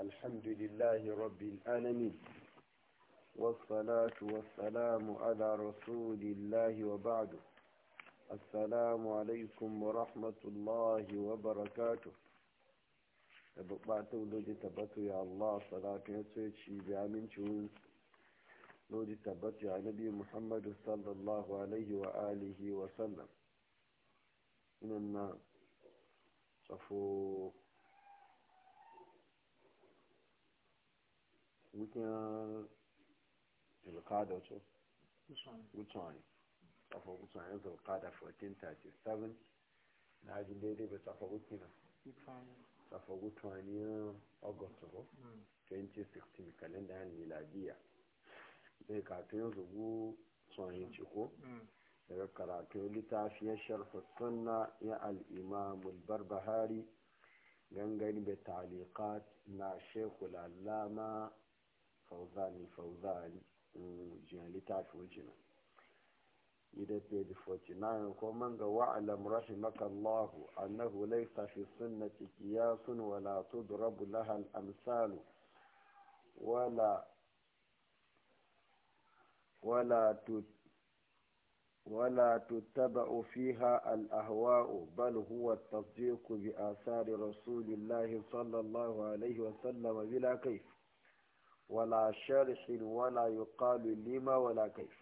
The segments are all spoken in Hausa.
الحمد لله رب العالمين والصلاة والسلام على رسول الله وبعد السلام عليكم ورحمة الله وبركاته tabbatu loji tabbatu ya Allah salatu ina ce ci bi amincin loji tabbatu ya nabi Muhammadu sallallahu alaihi wa wa sallam wukin zulkada wato wucin 1437 na ajin daidai bai tafa wuki na tafa wucin ya august 2016 kalenda yan miladiya zai katon zugu tsohon ciko hmm. daga karatun littafiyar sharfa sunna ya al'imamul barbahari gangani da talikat na shekul allama fauzani fauzani mm, jiyan littafi wuce nan ida 49 ko man ga wa'alam rahimakallahu annahu laysa fi sunnati qiyasun wala tudrabu laha al-amsalu wala wala tut ولا تتبع فيها الأهواء بل هو التصديق بآثار رسول الله صلى الله عليه وسلم بلا كيف wala sharhin wala yuqalu lima wala kaif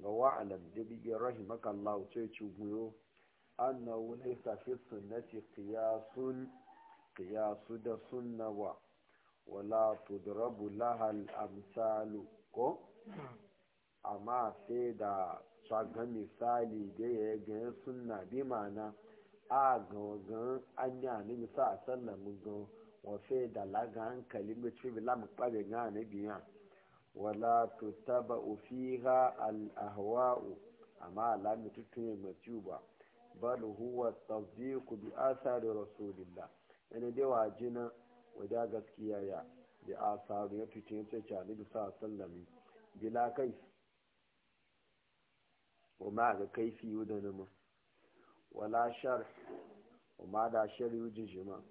ga wa'alam da bigin rahimaka Allah ce ci goyo annahu laysa fi sunnati qiyasun qiyasu da sunna wa wala tudrabu laha al-amsalu ko amma sai da shagan misali da ya ga sunna bi ma'ana a ga ga anya ne misa sallamu ga wafe da laga hankali mai cibi lamu ɓare na na biya wala to taba ofiha al'ahwa'u amma alami tutun ya mace ba bal huwa tasdiqu bi asari rasulillah yana da wajina wada gaskiya ya bi asari ya tutun ya ce ta nabi sallallahu bila kai وما ga kaifi yudanuma wala shar وما da shar yujijima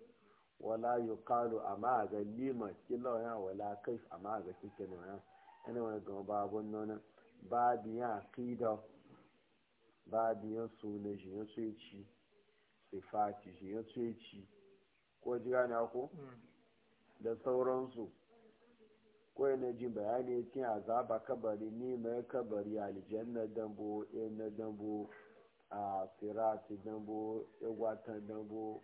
wala yuqalu amma ga lima kila ya wala kai amma ga kike ne ya ina wani gama babun nuna babu ya aqida babu ya sunan shi ya sai ci sifati shi ya sai ci ko jira ne ko hmm. da sauransu ko na ji bayani yakin azaba kabari ni mai kabari na dambo na dambo a sirati dambo gwatan dambo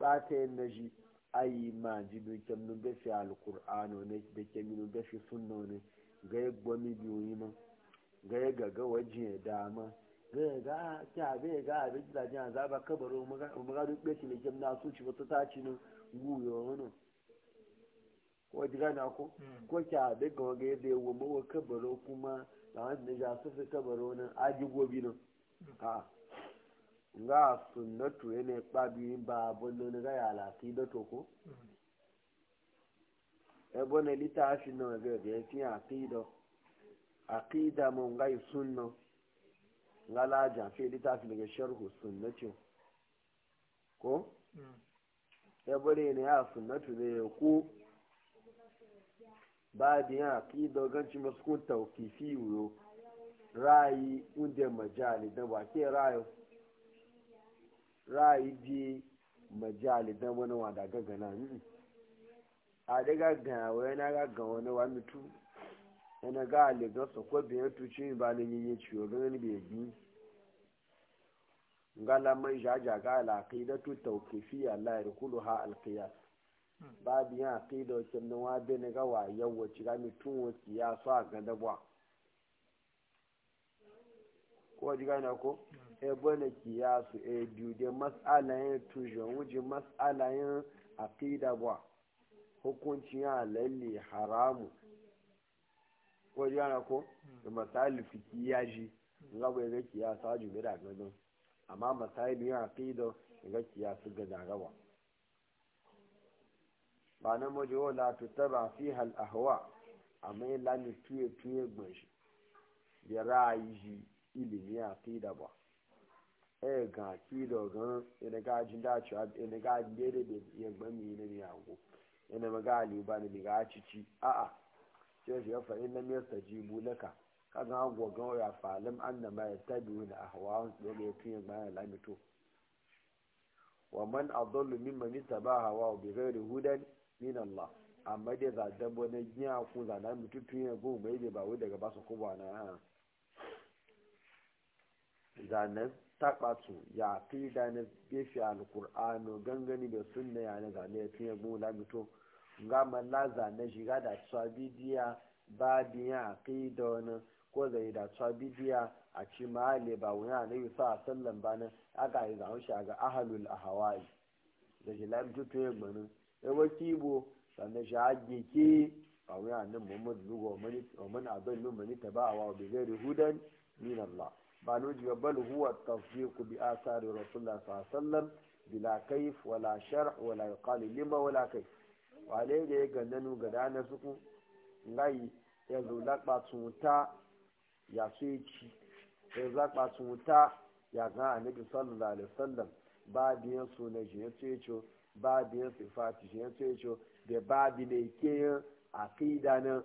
bata na shi ayi ma ji bi kem nu be fi alqur'ano ne be kem nu be fi sunno ne ga ya gwami bi oyin ma ga ya gaga waji e da ma ga ga ta be ga be da jan za ba kabaro mu ga du be ti le kem na su ci wata ta ci no wu yo wono ko ji ga na ko hmm. ko ta be ga ga ye de wo mo kabaro kuma da wanda ja su fi kabaro nan aji gobi no hmm. ha nga sunnatu yana kpabi ba bollo na gaya alaƙi da toko ebo na litafi na ga ga yafi aqida aqida mun ga sunna ngala ja fi litafi daga sharhu sunnati ko hmm. ebo ne ya sunnatu ne ko ba da ya aqida ganci masu kun tawqifi yo rayi unde majali da ba ke rayo ra'ayi bi majali dan wani wa da gagana ni a da gagana wa yana gagana wani wa tu yana ga aligar sa ko biyan tuci ba ni yin ciwo ganin bai bi ngala mai jaja ga tu alaqidatu tawqifiyya la ha alqiyas hmm. ba biyan da kin nan wa bi ne gawa wa yawa ci ga mutun wa a ga dabwa ko ji gane ko hmm. bane kiyasu e dude mas'alayen tujon wuji mas'alayen aqida ba hukuncin ya lalle haramu ko ko da hmm. e masali fiki ya ji nga ya ga kiyasa aju bai da gadon amma masali ya aqida e ga kiyasu ga dagawa ba na moji wa la tutaba fi hal ahwa amma e lani tuye tuye gbashi da ra'ayi ilimi aqida ba e ga ki da gan ina e ga jin da ci ina e ga dede de yagba e mi ne ya go ina maga ali ba ne ga ci ci a a sai shi fa inna mi yastajibu laka kaga go gan ya falim annama yattabi'una ahwa'un da ga yin ba la mito wa man adallu mimman ittaba hawa bi ghairi hudan min Allah amma dai za dan bona giya ku za na mututu ya go mai da ba wai daga basu ko ba na zanen taɓatu ya fi da na gefe alkur'ano gangani da sunna ya na zane ya fiye gun lamito ga malla na shiga da tsuwa bidiya ba biya a kai da wani ko zai da tsuwa bidiya a ci mahali ba wani a na yi sa a sallan ba na aka yi zaun shi a ga ahalul a hawaii da shi lamito to ya gbani yawa kibo sannan shi a geke ba wani a nan muhammadu lugu wa mani a don lumani ta ba a wa bi hudan na allah ba nuji ba bal huwa tasdiqu bi asari rasulullah sallallahu alaihi wasallam bila kaif wala shar wala yuqali lima wala wale da ya gandanu ga dana suku ngai ya zula tsunta ya suci ya zula tsunta ya ga annabi sallallahu alaihi wasallam ba biyan sunan shi ya suci ba biyan sifati shi ya suci da ba bi ne ke nan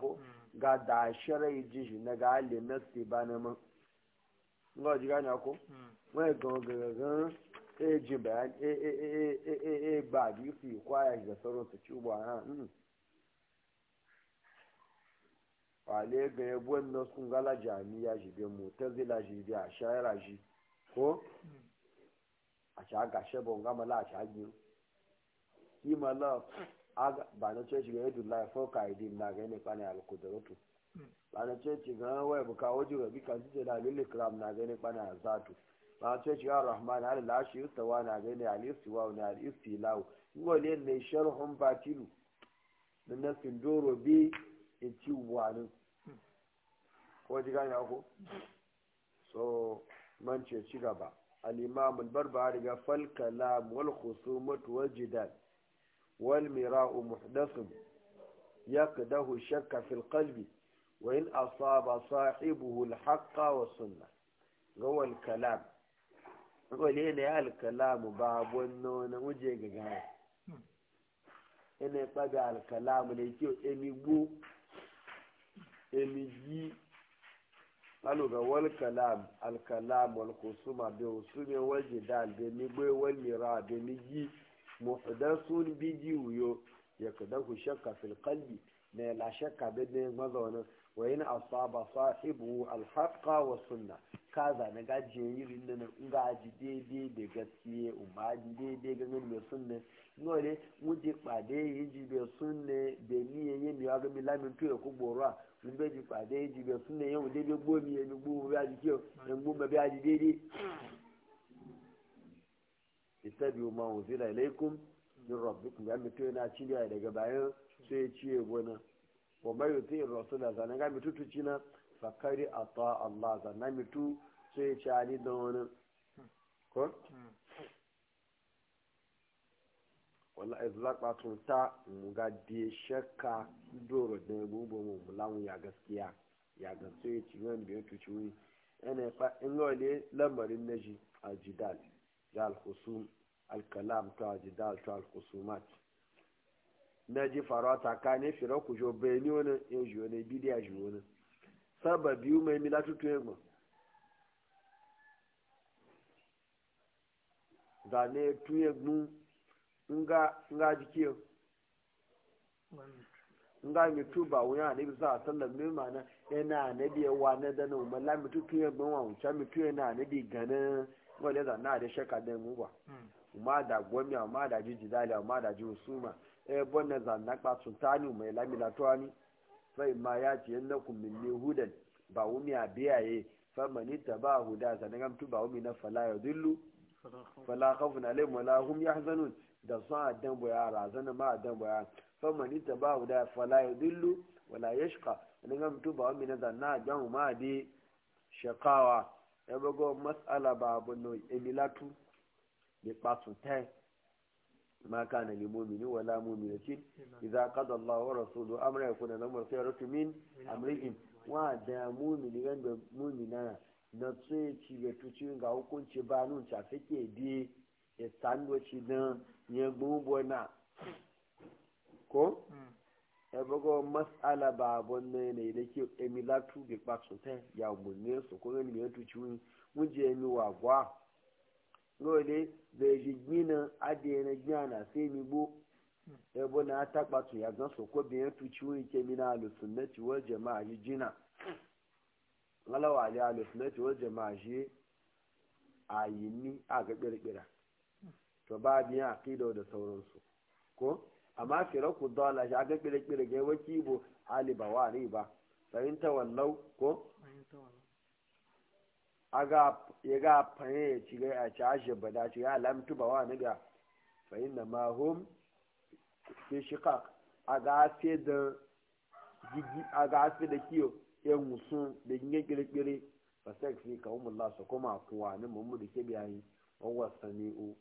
ko ga da shirai ji na ga ali na si ba na ma nga ji gani ako wani hmm. gan gagagan e ji bayan e, e e e e e e ba bi su kwaya da sauran su ci ba ha hmm. wale ga yabo na sun gala jami'a shi bai mutazila shi bi a shayara shi ko hmm. a shaga shebon gama la a shagin kima love ba na ce shiga yadda lai fauka idi na ga ne kwane alkudurutu ba na ce shiga waya buka waje rabi kan jije da lil kram na ga ne kwane azatu ba na ce shiga rahman al lashi yustawa na ga ne al istiwa na al istilau ngo ne ne sharhun batilu nan na sindoro bi in ci wani ko ji gane ko so man ce ci gaba al imam al barbari ga fal kalam wal khusumatu wal jidal والمراء محدث يقده الشك في القلب وإن أصاب صاحبه الحق والسنة هو الكلام ولين يا الكلام باب ونون وجيك جاي إن طبع الكلام ليكيو إمي بو إمي جي قالوا هو الكلام الكلام والخصومة بالخصومة والجدال بمي بو والمراء بمي جي muhdathun bidiyu yo ya ku shakka fil qalbi ne la shakka bidin mazaunin wa yana asaba sahibu alhaqa wa sunna kaza na gaje yirin nan in aji daidai da gaskiye umma ji daidai ga mai sunna ngole muje pade ji be sunna be ni ye mi aga mi lamin to ku bora mun be ji pade ji be sunna ye o de be gbo mi ye mi gbo bi aji ke en gbo be aji daidai ittabi'u ma unzila ilaykum min rabbikum ya mutu yana cinya daga bayan sai ya gona wa mai yuti rasula zanen ga mutu tuci na fakari ata Allah zanen mutu sai ya ci ali da wani ko wala izlaq batun ta ga de shakka doro da bubu mu lamu ya gaskiya ya ga sai ya ci wani biyu tuci wani yana fa in ga lamarin naji ajidal ya alhusum alkalam to ajidal to alkusumat na ji faruwa tsakanin fira ku jo bayani wani yau ji wani bidiya ji wani saba biyu mai mila tutu yin da zane tu gnu nga jiki nga mi tuba wuya ne sa a sallar mai mana yana na bi wa na dana umarla mi tu tu gnu wa wuce mi tuye na ne bi ganin wale na da shaka da mu ba. ma da a ma da ji jidali ma da ji usuma e bonna na kpa sultani mai na tuani fa ma ya ce yannakum minni hudan ba umi a biyaye famani ta ba huda sanan gamtu ba umi na fala ya dillu fala khawfun alaihim wala hum yahzanun da sun adan boya razana ma adan boya famani ta ba huda fala ya dillu wala yashqa sanan gamtu ba umi na zanna jan ma di shaqawa ya e bago mas'ala ba bunno emilatu da ɓasu ta ma kana lil mu'mini wa la mu'minatin idza qada Allahu wa rasuluhu amra yakuna ya sayratu min amrihim wa da mu'mini gan da mu'mina na na tsaye ci ga tuci ga ci ba nun ta fike bi ya sandoci dan ya gbogbo na ko ebogo hmm. masala ba bonne ne ne da ke emilatu bi patsunte ya munne so, ko ne ne tuci mun je mi wa gwa lóde bẹ̀ẹ̀dì gbìnà adìyẹnẹ gbìyànà sí mi gbó ẹbọ e náà tápàtù yàgán sọkọ bìyẹn tu tí wọn kẹmi náà lòsùn náà tí wọn jẹ máa yí jìnà ńlọwọ àlẹ àlòsùn náà wọn jẹ máa yí àyè ní àgbẹgbẹrẹgbẹrẹ tọba bìyẹn àkéde ọdọ sọrọ nsọ kó àmà fẹrẹ àlàyé àgbẹgbẹrẹgbẹrẹ gẹ́wọ́ kí aga ya ga fanye ya ci gai a ci ashe ba da ci ya lamtu ba wa ga fahim da ma fi shiqaq aga da da kiyo ya musu da ginge kirkire ba sai fi ka umma lasa kuma kuwa ne mu mu da ke bayani wa sami'u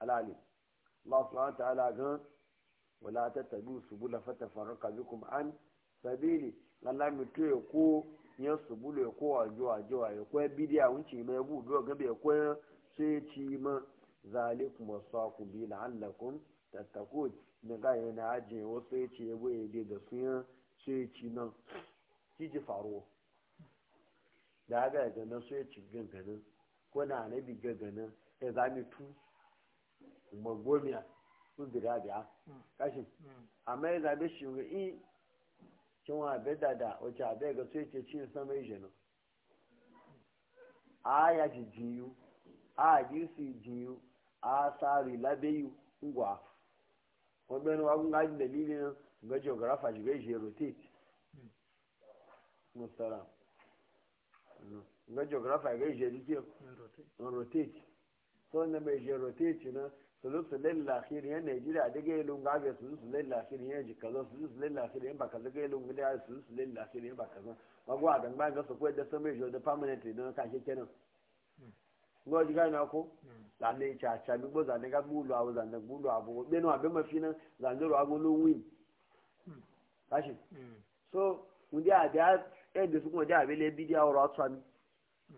alali Allah subhanahu wa ta'ala gan wala tattabi'u subula fatafarraqa bikum an sabili to mutu ko nye subulu ya kowa juwa juwa ya kwa bidiya wuce mai bu biyo gabe ya kwa sai ci ma zalikum wasaku bi la'allakum tattakun na ga na ajiye wasu ya ce ya goye bai ga suya sai ci nan kiji da haka ga nan sai ci ganganin ko na na bi ganganin ya zami tu magomiya sun zira biya hmm. kashin hmm. amma ya zabe shi kin abe dada oche abe be ga so yace cin sama yaje no aya ji jiyu a ji si jiyu a sari labeyu ngwa o be no wa ga ji dalilin ga geographer ji be je rotate musalam ga geographer ga so na be je rotate na sulusu lil akhir ya Najeriya daga yelun ga ga sulusu lil akhir ya ji kaza sulusu lil akhir ya ba kaza ga yelun ga sulusu lil akhir ya ba kaza magwa dan ba ga su ko da sama jo da permanent don ka shi kenan hmm. ngo ji gana ko hmm. zane cha cha bi bo zane ga bulu awu zane bulu abu be no abe mafi nan zane ro agun lo win hmm. kashi so ndi a da e de su ko da be le bidia oro atwa mi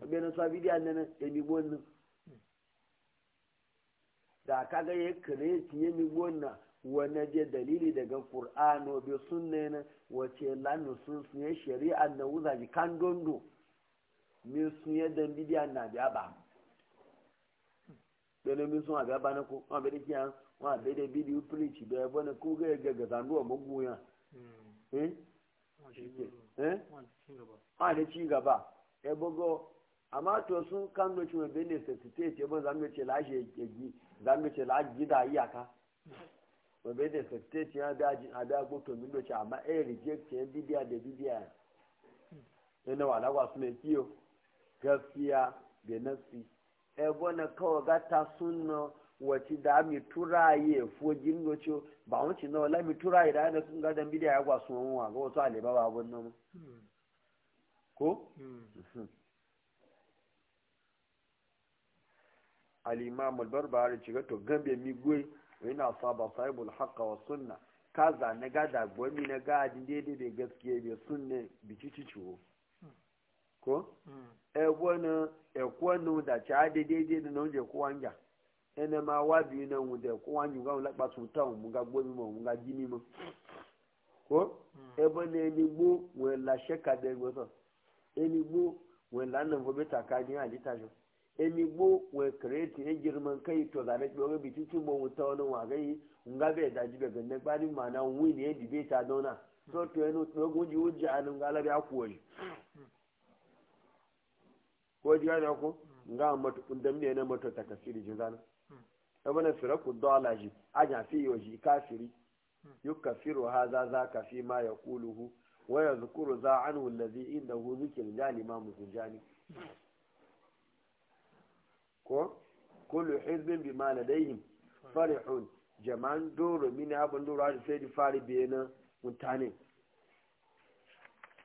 be no twa bidia nene e mi bo nu da ga ya kare shi ya mi wannan wani je dalili daga qur'ano bi sunna na wace lanu sun su ya shari'a na wuza ji kan dondo mi sun ya dan bidiya na biya ba bene mi sun abiya ba na ko wa bai kiya wa bai da bidiyo preach da ba na ko ga ga ga zanduwa magoya hmm. eh eh ma da ci gaba e bogo amma to sun kan noci mai bene ce ce za mu ce lashe yagi za mu ce lashe da iyaka mai bene ce ya da jin ada go to min doci amma eh reject ya bidiya da bidiya yana wala su mai kiyo gaskiya da nasi e bona kawai gata ta wace da mi turaye fo jin doci ba wace na wala mi turaye da da sun ga dan bidiya ya kwa sunwa ga wato aleba ba abun nan hmm. ko hmm. Hmm. al-imam al-barbahari ci to gambe mi gwe yana saba sahibul haqqa wa sunna kaza na ga hmm. e e da gwami na ga adin daidai da gaskiya da sunne biki ciciwo ko ebonu ekwonu da ci adi daidai da na wuje kowanja ma wa biyu na ko kowanju ga wula kpasu ta mu ga gwami ma mu ga gini ma ko ebonu enigbo wela sheka da egbosan enigbo wela nan gobe takani a litajin emigbo we kireti e girman kai to zane ki oge bi cin bon wuta wani wagai nga be da jibe ganne gbani na wi ne di ta dona so to eno to go ji wuji anun gala be akuwoji ko ji ga ko nga mato kundam ne na mato ta kafiri ji zana abana firaku dala ji a fi yoji kafiri yukafiru za za fi ma ya yaquluhu wa zukuru za anhu alladhi indahu dhikr jalima mujani ko kullu hizbin bima ladayhim farihun jaman duro mini abun doro a sai di fari biye na mutane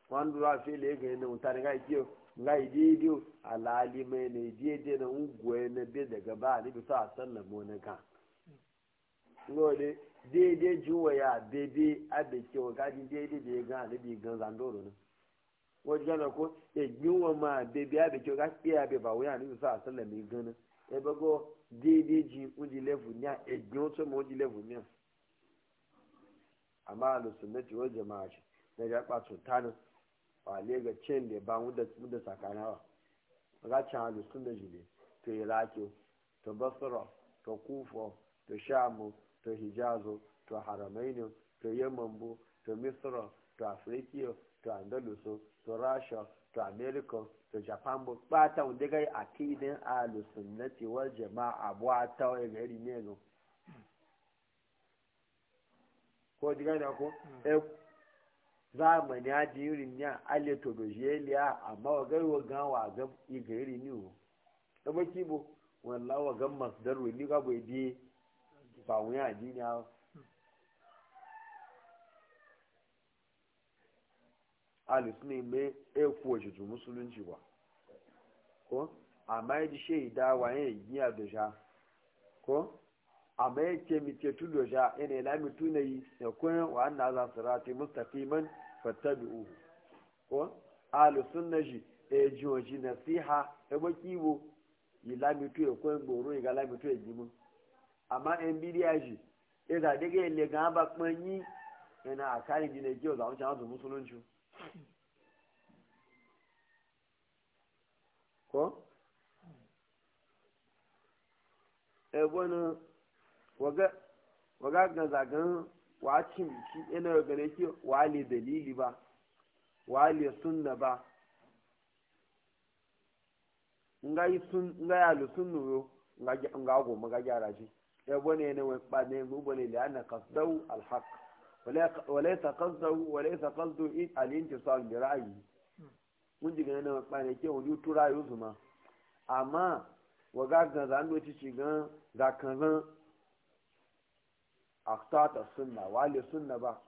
wani doro a sai da ya gani na mutane ga ikiyo ga idiyo alali mai na idiyo na unguwa na bi daga ba ni bisa a sallamo na ka ngole daidai juwa ya daidai abin kewa gajin daidai da ya ga bi gan zandoro na wọ́n jẹ́ náà kó èyí wọn máa bèbí àbẹ̀kí ọ̀gá pé àbẹ̀bà wọ́n wuya ni sáà sẹ́lẹ̀ mi gani náà ẹgbẹ́ kó déédéé jí ń di lẹ́fù ní à èyí wọn tó mọ̀ ń di lẹ́fù ní à. àmọ́ àlùsùn mẹ́tì wọ́n jẹ máa ṣe nàìjíríà pàtó tánu wà lẹ́gbẹ̀ chain lè ba wọ́n dẹ̀ sàkánná wa ọ̀gá chan àlùsùn méjì lè tó ìlàjò tó bọ́sọ̀rọ̀ tó kúfọ̀ tó ṣáàmù tó hijazo tó haramẹ́ni tó yẹmọ̀mbó tó misra tó àfíríkíyọ̀ to andalusu to rasha to america to japan bo bata wanda gai akidin alusunnati wal jama'a bo ata wa gari ne no ko diga na ko e zamani a di yurin ya ale to do jeliya amma wa gai wa gan wa ga igari ni o da baki bo wallahi wa gan masdar wa ni ga bai di ba wuya ji ne alisune mai ekuwa shi su musulunci ba ko amma ya da shaida wayan giya da sha ko amma ya ce mice tu da sha yana ila mitu na yi na kuna wa an na za su rati mustaqiman fattabi'u ko alisunna shi e jiwo shi nasiha e baki bo yi lamitu ya kuna gboro ya e ga lamitu ya jimin amma yan bidiya shi ya zaɗe ga ile ga ba yi yana e a kayan jinai kyau za mu ci musulunci ko ebonu eh, waga gazagan wacin shi yana gane ki wale dalili ba wale sunna ba nga yi sun nga ya lu sun nuro nga go maga gyara shi na eh, yana wani na ne gubo ne da yana kasdau وليس قصده وليس قصده الانتصال برأيه mun ji ganin kwanake wani tura yi su ma amma wa gagan zan doci ci gan zakanan aktata sunna wali sunna ba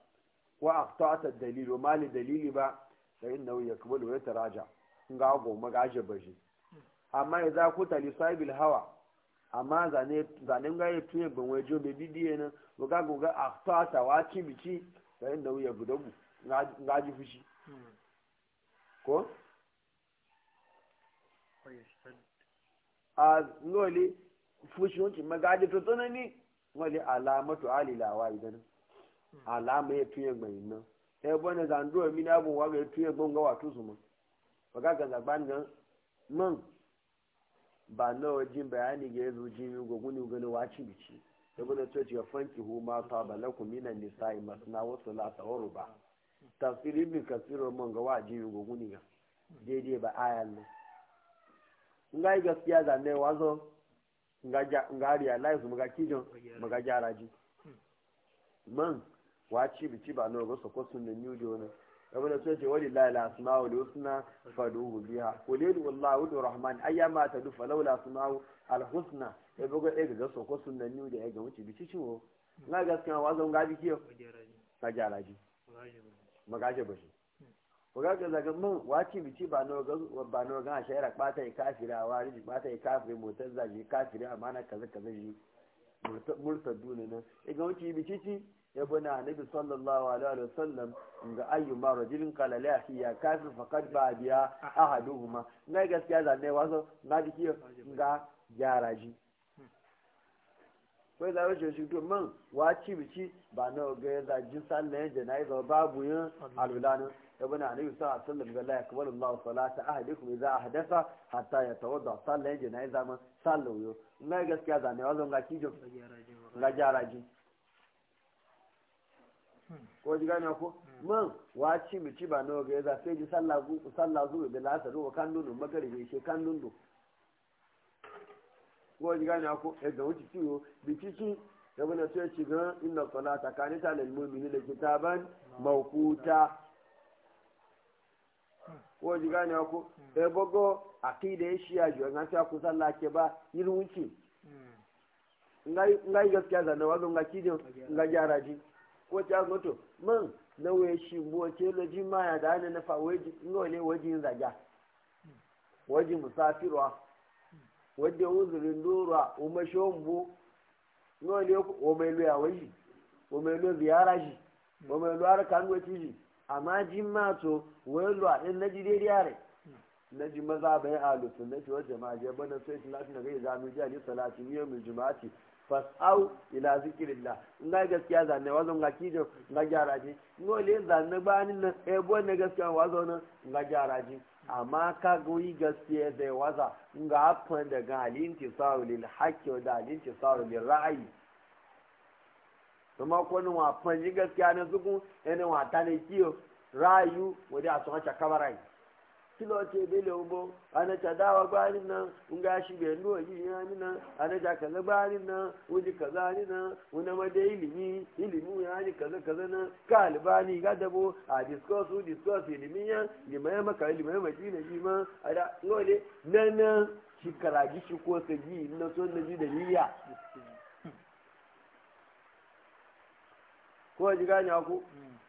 ko aktata dalilo mali dalili ba da yin nauyi ya kuma da wata raja ga goma gaje bashi amma ya za ku tali sahibil hawa amma zane ga ya tuye ban waje mai bidiyo nan ga ga a fata wa ci bici da inda wuya budagu ga ji fushi hmm. ko a nole fushi wancin magaji to tsanani wale to alilawa idan alama ya tuye mai nan sai bane zanduwa mini abubuwa ga ya tuye gbanwa wato su ma ba ga ga zagbanin man ba nawa jin bayani ga yazo jimi go guni gani waci bici ibn coci ga fanki hu ma ta balaku minan nisa'i masna wa salata wa ruba tafsir ibn kasir mun ga waji go guni ga daidai ba ayan nan ngai gaskiya da ne wazo ngaja ngariya live mu ga kijon mu ga jaraji man waci bici ba nawa go so ko sunna new jona kamar da sai ce wani la asma'u da husna faduhu biha qul yadu wallahu dur rahman ayyama tadu falawla asma'u al husna sai bugo e ga so ko sunna ni da e ga wuce bici ciwo na gaskiya wa zan gabi kiyo ka jaraji magaje bashi ko ga ga zaga mun wace bici ba no ga ba no ga shaira bata yi kafira wa riji bata yi kafiri motar zaji kafiri amana kaza kaza ji murtaduna nan e ga wuce bici ci ibn annabi sallallahu alaihi wa sallam ga ayyuma rajulin qala la hiya kafir faqad ba biya ahaduhuma na gaskiya zanne wazo na diki ga yaraji kai da wajen shi to man waci bici ba na ga zajin sallan jana'iza babu yin alulanin ibn annabi sallallahu alaihi wa sallam ga la yakbalu Allah salata ahadikum idza ahdatha hatta yatawadda sallan jana'iza man sallu yo na gaskiya zanne wazo ga kijo ga yaraji ko ji gane ko hmm. man waci mu ci ba nawa ga yaza sai ji sallah ku sallah da lasaru wa kan nunu magaribi shi kan nunu ko ji gane ko e eh, ga wuci ciwo bi cici da wani sai ci ga inna salata kanita lil mu'minin da kitaban mawquta ko ji gane ko hmm. e eh, bogo aqida ya shiya ji an ta ku sallah ke ba yin wuce. Hmm. ngai ngai gaskiya zanna wazo ngai kidin ngai jaraji ko ta goto man na waye shi bo ce loji ma ya da na fa waje ne waje yin zaga waje musafirwa waje uzurin dora o ma shombo ne o mai ya waje o mai lo ziyara shi o mai lo har kan goci shi amma jimma to waye lo a din ji dai yare na ji maza bayan alusun na ce wajen ma je bana sai tilafi na gai zanu ji a ne salati yau mai ce. fas'au ila zikirillah in ga gaskiya zanne wazo ga kijo ga jaraji ji le zanne bani na ebo ne gaskiya wazo na ga jaraji amma ka goyi gaskiya da waza in ga afan da galin alinti sawu lil haqqi da alinti sawu lil ra'ayi kuma ko wa fanji gaskiya na zugu ene wa tane kiyo rayu wadi a tsoka kabarai kilo ce bele umbo ana ta dawa gbani nan un ga shi ndo yi ya ni nan ana ta kaza gbani nan wuji kaza ni nan una ma da ilimi ilimi ya ni kaza kaza nan ka albani ga dabo a discuss u discuss ilimi ya ni mai maka ilimi mai ji na ji ma ada ngole nan nan shi karaji shi ko ta ji na so na ji da niyya hmm. ko ji ganya ku hmm.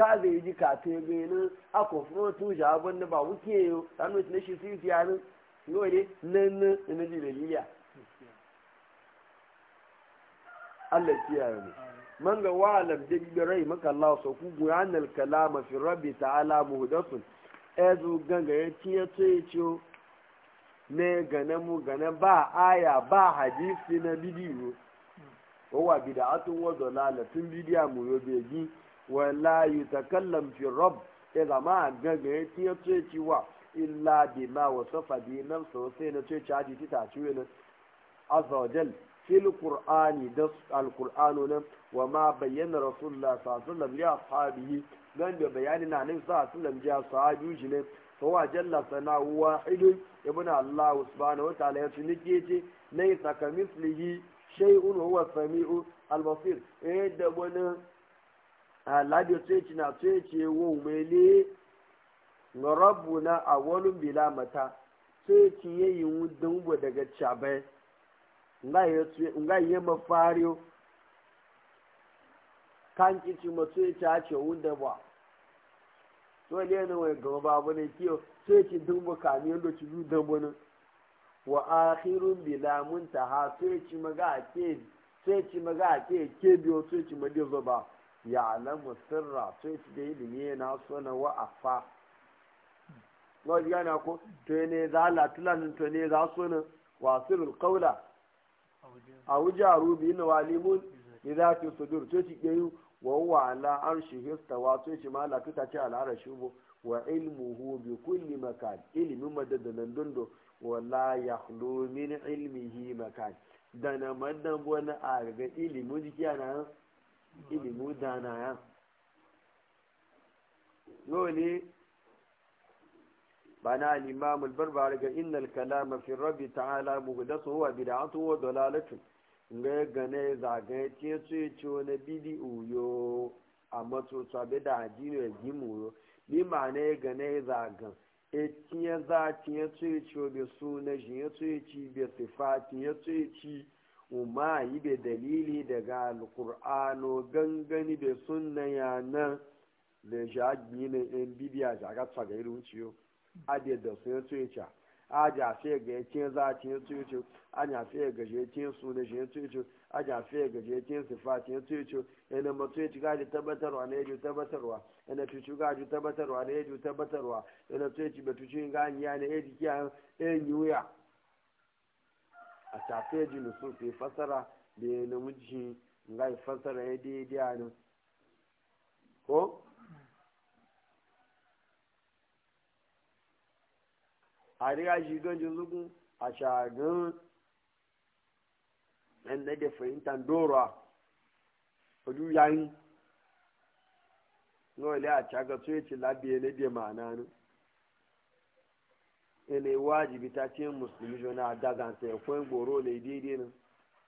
ka zai ji ka to ga ni a ko furo tu ja ban na ba wuke yo dan ne shi fi fiya ni no ne nan ne ji da liya Allah kiyaye mu man ga wa alam da bi rai maka Allah so ku gu anal kalama fi rabbi ta'ala muhdathun ezu ganga ya tiye tiye ciyo ne gane mu gane ba aya ba hadisi na bidiyo wa bida'atun wa dalalatun bidiya mu yo begi wala yi takallam fi rob ya zama a gaga ya tiyo ce ciwa illa bi ma wa safa bi nan sosai na ce aji ti ta ciwe nan azawajal fil qur'ani da alqur'anu nan wa ma bayyana rasulullah sallallahu alaihi wa sahbihi dan da bayani na nan sallallahu alaihi wa sahbihi shi ne to wa jalla sana wa ilu ibn allah subhanahu wa ta'ala ya ce ke ce nay sakamislihi shay'un huwa samiu albasir eh da wani. labi tsoyaci na tsoyaci wo mele ga na a wani bila mata tsoyaci ya yi wudin bu daga chabe nga yi fario kan kici ma tsoyaci a ce wudin ba wani yana wani gaba babu ne kiyo tsoyaci din bu kami yadda ci zu dan wani wa akhirun bila muntaha tsoyaci maga a ke tsoyaci maga a ke ke biyo tsoyaci ma zo ba ya alamu sirra ya ci da ilimi na so na wa afa lord yana ko to ne za la tulanin to ne za so na wa sirrul qawla a wuja rubi na walimun idza fi sudur to ci yi wa huwa ala arshi histawa to ci ma la tuta ci ala arshi bo wa ilmuhu bi kulli makan ilimin madadanan dondo wala yakhlu min ilmihi makan dana madan bona a ga ilimin jikiya na ilimu dana ya dole bana al-imam al-barbar ga innal kalama fi rabbi ta'ala muhdathu wa bid'atu wa dalalatu ga gane zagaye ce ce ce wani bidi uyo a matsotsa bai da ajiyar gimu yo ni ma ne gane zagan e tiye za tiye ce ce bai su na shi ya ce ci bai sifa tiye ce ci umma yi be dalili daga alkur'ano gangani da sunna ya yanan da shagi na yan bibiya shaga tsaga irin ciyo ade da sun yanzu ya ce a ja fiye ga ya ce za ta yanzu ya ce a ja fiye ga ya ce su na shi yanzu ya ce a ja fiye ga ya ce su fa ce yanzu ya ce yana mutu ya ci gaji tabbatarwa na yaji tabbatarwa yana tuci gaji tabbatarwa na yaji tabbatarwa yana tuci batuci gani ya na yaji kiyan yan yuya a tafiya ji nusu fi fasara da ya namiji ga yi fasara ya daidai a nan ko a riga shi ganjin zugun a shagan ɗan da fahimtar dora ojú yayin a ọ̀lẹ́ àti agató ètì lábẹ́ ẹlẹ́dẹ̀ màánà náà ele wajibi ta ce musulmi jona daga ta ekwen goro ne daidai nan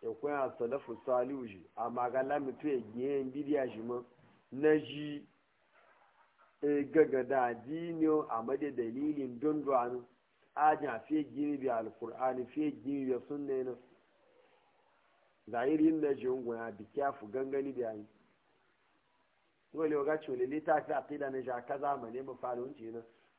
ekwen a salafu salihu ji a magala mutu ya giye bidiya shi ma na ji e gagada diniyo a made dalilin don duwanu ajin a fiye gini bi alkur'ani fiye gini bi sunne nan zahirin na ji ungun ya bi kyafu gangani bi ayi dole ga cewa lili ta fi aqida na ja kaza ma ne mafarin ce nan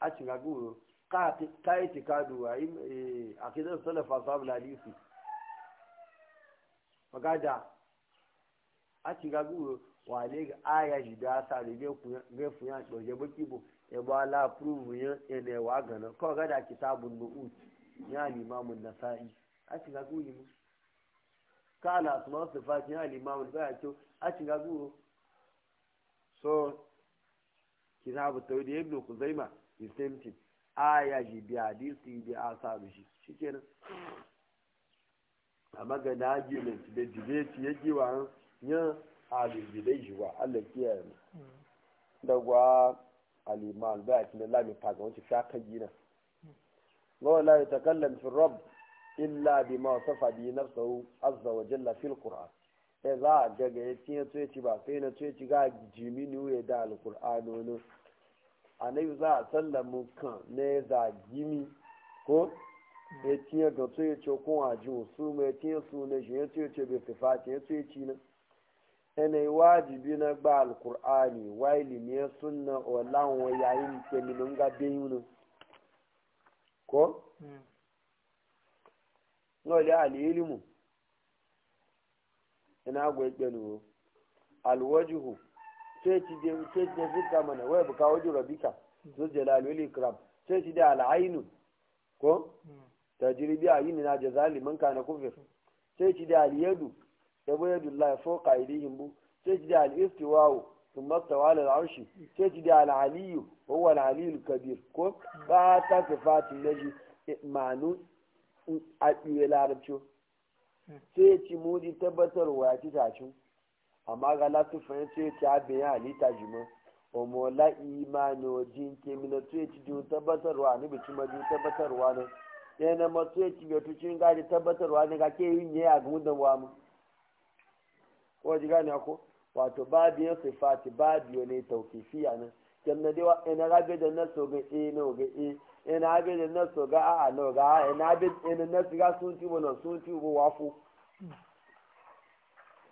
a shiga goro ka yi tikadu e, a yi a kidan salafa sabu lalisi magada a shiga wa ne ga aya shi da sa ne bai fuya ɗauke baki bu ya ba la pruvu ya ne wa gana kawai gada kitabun nu'ut ya limamun nasa'i a shiga goro mu kala asma sifati ya limamun sai a a shiga goro so kitabu tawhid ibn kuzaima the same thing aya ji bi hadisi bi asaru shi shikenan amma ga da argument da debate yake wa yan alibidai shi wa Allah kiyaye mu dagwa aliman ba kin la mi faga wanci ka kaji na law la yatakallam fi rabb illa ma safa bi nafsuhu azza wa jalla fil qur'an sai e za a daga ya ce ba sai na ce ga jimini ya da alqur'ano ne annabi za a sallamu kan ne za gimi ko ya tiye ga su ya ce kun a ji su mai tiye su ne shi ya ce ya ce bai fifa ce ya ce ya ci na yanayi wajibi na gba alkur'ani wa ilimiyar sunna olan wa yayin keminin gabe yunin ko? Hmm. Nọ́ọ̀lẹ́ alìílimu, ina agwẹ́ gbẹ̀lú alwajihu sai ce fiska mana waya bu kawo jura bika su jelali wili kram sai ce da al'ainu ko ta jiribi a yini na jazali man ka na kufir sai ce da al'yadu yabo yadu la ya foka ilihin bu sai ce da al'istiwawo sun matta wa al'arshi sai ce da al'aliyu wawa al'alilu kabir ko ba ta fi fatin na ji e, manu a ɗiwe larabci hmm. sai ce mu ji tabbatarwa ya ci tashin amma ga latu fahimci ya ce abin ya halitta jima omo la imani wajen ke mina tabbatarwa ni bici maju tabbatarwa ya na ma tuye ci bai nga dị tabbatarwa ne ga ke yin nye ga mudan wa mu ko ji wato babu ya fati babu ya ne taukifiya na dewa ina rabe da na so ga e na e ina da na so ga na ina da na ga sun sun wafu.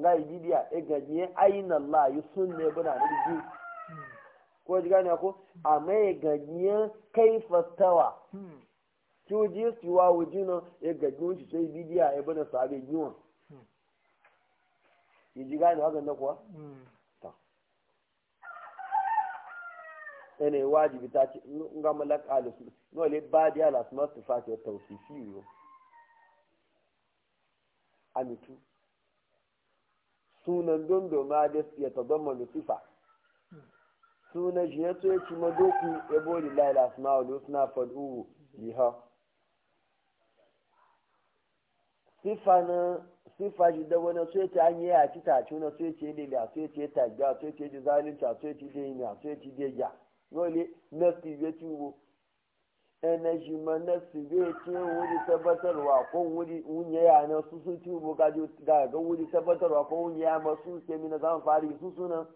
ngai bidiya e gajiye aina Allah yi sunne na rigi ko ji gane ko amma ya e gajiye kaifa tawa ki uji siwa wujino ya gajiye shi sai bidiya ya bana sabe yiwa yi ji gane haka na kuwa ene wajibi ta ce nga malak alisu nole ba di alas masu fata ya tausifi yiwu amitu sunan dondo ma da ya tazamma da sifa sunan shi ya so ya ci madoku ya bori laila asma wa lusna fad'u biha sifa na sifa shi da wani so ya ci an ci tace na so ya ci lila so ya ci tagga so ya ci zalunci so ya ci dai ne ya ci dai ya ya ci energy mana su bai ce wuri tabbatarwa ko wuri unye ya na su sun ci ubo gaji ga ga wuri tabbatarwa ko unye ya ma su ke mina zan fari su suna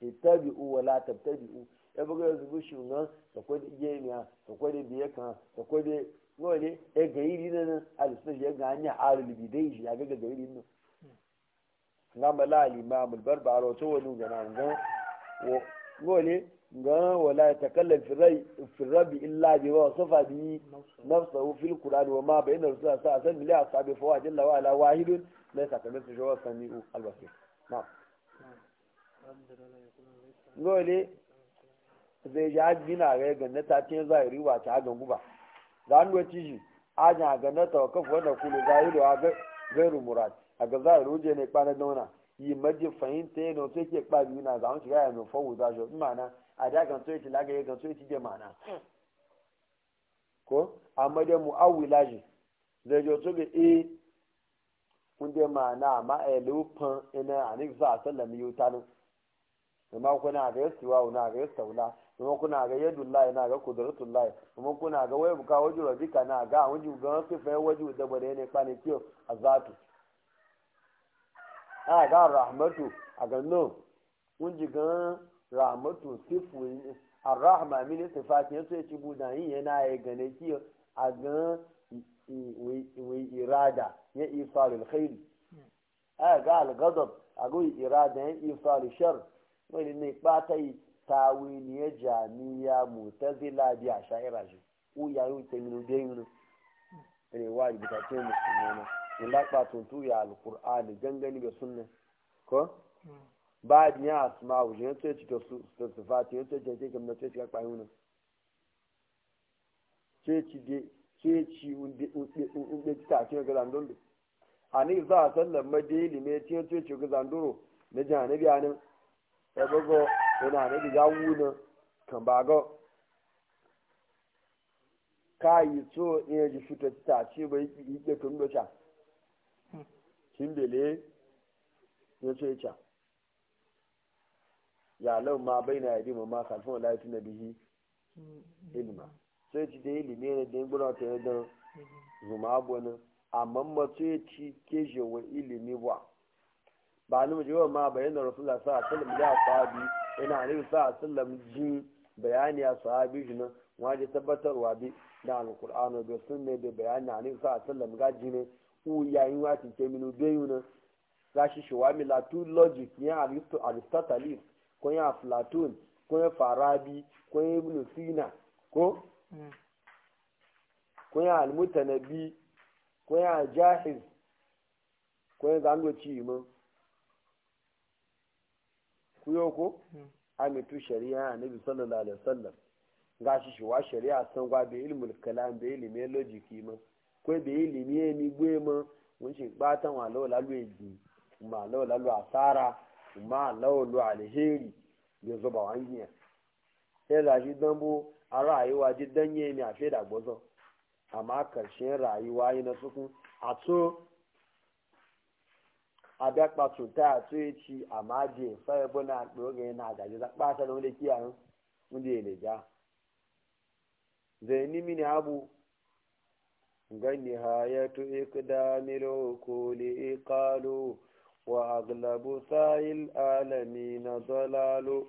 itabi uwa la tattabi'u ya buga yanzu bu shugan ta ko da gemiya ta ko da biye kan ta ko da ngole e na nan alisun ya ga libi arul bidai ya ga gairi nan ngamba la al-imam al-barbaro to wani ganan ngole ga wala takallam fi rabbi illa bi wa safa bi nafsahu fil qur'an wa ma bayna rasul sa san li ashabi fa wa jalla wa ala wahid laysa kamithli shay'un sami u basir na gole zai ji hajji na ga na ta ce zahiri ba ta ga guba da an wace shi ajin a ganna ta wakaf wanda kulu zahiru a gairu murad a ga zahiru je ne kwana dauna yi maji fahimta yana sai ke kpa biyu na zaun shiga ya nufa wuza ma ma'ana a da kan so yace lagaye kan so yace je mana hmm. ko amma dai mu'awwila ji zai jo to ga e kun je na ma e lupan ina anik sa sallam yutanu kuma kuna ga yasuwa una ga yasula kuma kuna ga yadullahi na ga qudratullahi kuma kuna ga wai buka waju rabbika na ga waju ga sifa waju da bare ne kwane kiyo azatu a ga rahmatu a ga no kun ji gan rahmatu sifu arrahma min sifati yato ya ci budanin yana ya gane kiyo a gan wai irada ya ifalul khairi hmm. a ga algazab a ga irada ya ifalul shar wani ne bata yi tawiliya jami'a mutazila biya sha'ira shi ku yayin tamilu da yin rewa da bukace musulmana in laƙa tuntu ya hmm. alƙur'ani gangani ga sunna ko hmm. ba da ya asma wuce ya tsoye cikin su sufati ya tsoye cikin kamar tsoye kwayo nan ce ci unde ci ta cikin gazandoro a ne za a ne cikin tsoye cikin gazandoro na jihanabi a nan ya bago yana na da yawu kan ba ga yi so ji fita ta ce ba yi ke tun doca cimbele ya ya lau ma bai na yadi ma kafin wala ya tuna bihi ilima sai ci da ilimi ne da gura ta yadda zuma abu ne amma mace ya ci keje wa ilimi ba ba ni mujewa ma bayan da rasulullah sa sallam ya sahabi ina ne sa sallam ji bayani ya sahabi shi nan waje tabbatarwa bi da alqur'ani da sunne da bayani ne sa sallam gaji ne u yayin wati ke minu bayu nan gashi shi wa milatu logic ne aristotle ko ya Platon ko ya Farabi ko ya Ibn Sina ko mm. ko ya Al-Mutanabi ko ya Jahiz ko ya zango ci mu ku yo ko amitu shari'a annabi sallallahu alaihi wasallam gashi shi shi wa shari'a san gwa be ilmul kalam be ilmi logic mu ko be ilmi ni gwe mu mun shi batan wa lawo lalu eji ma lawo lalu asara ma laulu alheri bai zuba wangiya sai rashi don bu a ara ji danye ne a feda gwazo amma karshen rayuwa yi na sukun a to a da kpatu ta e ci a maje fara buna na yana ni gani ha ya وأغلب ساي الآلمين ضلال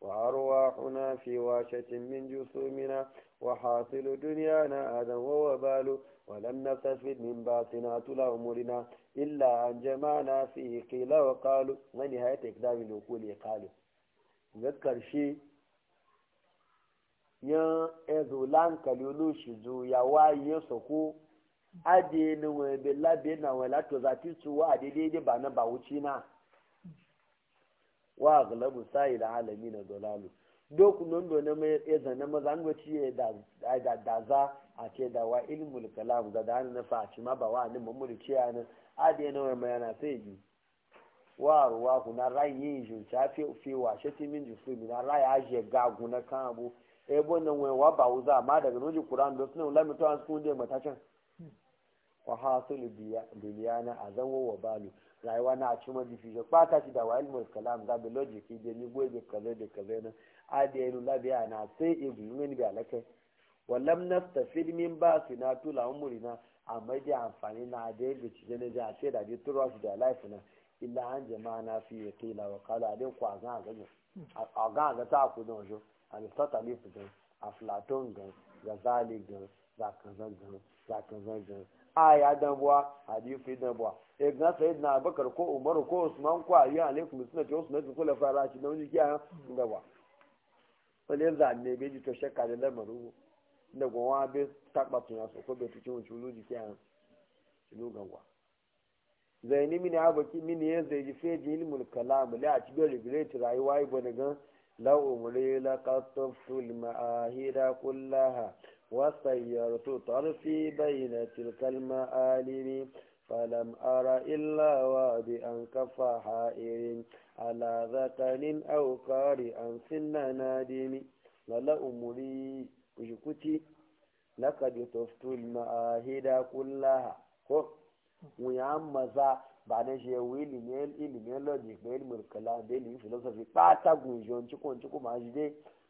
وأرواحنا في واشة من جسومنا وحاصل دنيانا آدم ووبال ولم نستفد من باطنات طول إلا أن جمعنا فيه قيل وقالوا ونهاية إقدام الوكول قالوا ذكر شيء يا إذو لانك لولوش زو يواي يسكو ade ni wọn ebe labe na wọn lato zati tu wa ade daidai ba na ba wuce na wa aglabu sa'i e da alami na dolalu dok non do na mai ya zana maza an gwaci ya da daza a ce da wa ilmul kalam da da na faci ma ba wa ni mamuri ce ana ade na wani mai yana sai ji wa ruwa kuna rai yin ji ta fi fi wa shi ti min ji fi na rai a je ga gu na kan abu ebo na wani wa ba wuza ma daga noji kuran da suna lamitowa sun je matacin wa hasulu biliyana a zanwo wa balu rayuwa na a cima bifi ya kwata shi da wa ilmul kalam da bi logic da ni goyi da kaza da kaza na adiyanu labiya na sai ibu yin bi alakai wallam nastafid min ba su na tula umurina amma da amfani na adiyar da ci na da ce da bi turwa su da life na illa an jama'a na fi ya kila wa kala adin kwazan a ganyen a gan a ga ta ku don shi a aristotle gan a platon gan gazali gan zakazan gan zakazan gan aya dabuwa hadisi dabuwa e eh, ga sai na bakar ko umaru ko usman ko ayu alaikum sunnati wa sunnati kula fara shi don jiki a dabuwa wale zanne be ji to shakka da lamaru da gowa be takba tun yaso ko be tuci wuce lu jiki a lu gawa zaini mini abaki mini ya zai ji fi ji ilmul kalam la a cikin regulate rayuwa ibo na gan lau umri la qataftul ma'ahira kullaha وسيرت طرفي بين تلك المآلم فلم أرى إلا وادئا حائر على ذقن أو قارئا سن نادم ولا أمري كشكتي لقد طفت المآهد كلها ميامزا ذا shi ya wi ilimin ilimin logic da ilimin kalam da ilimin philosophy ba ta gunjon cikon cikon ma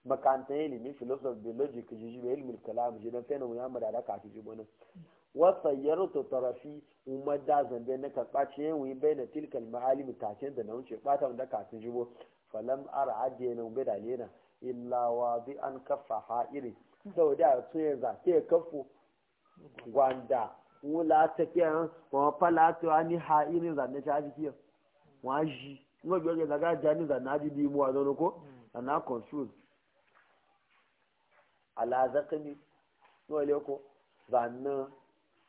makarantar ilimin philosophy biology ke jiji da ilimin kalam jidan fena wuya mu da daka ta ji wani wasa yarto tarafi umar da zambe na karɓa ce yin wuyi bai na tilkal ma'alimi kace da na wuce ɓata da ka ta jibo falam ara adiye na umbe da lena illa wa bi an kafa ha'iri sau da tun ya ke kafu gwanda wula ta kiyan ma fala ta ni ha'irin ne ta ji kiyan wa ji ngo bi ga zaga jani zanna ji bi mu a zo ko ana confuse ala zakami no le zanna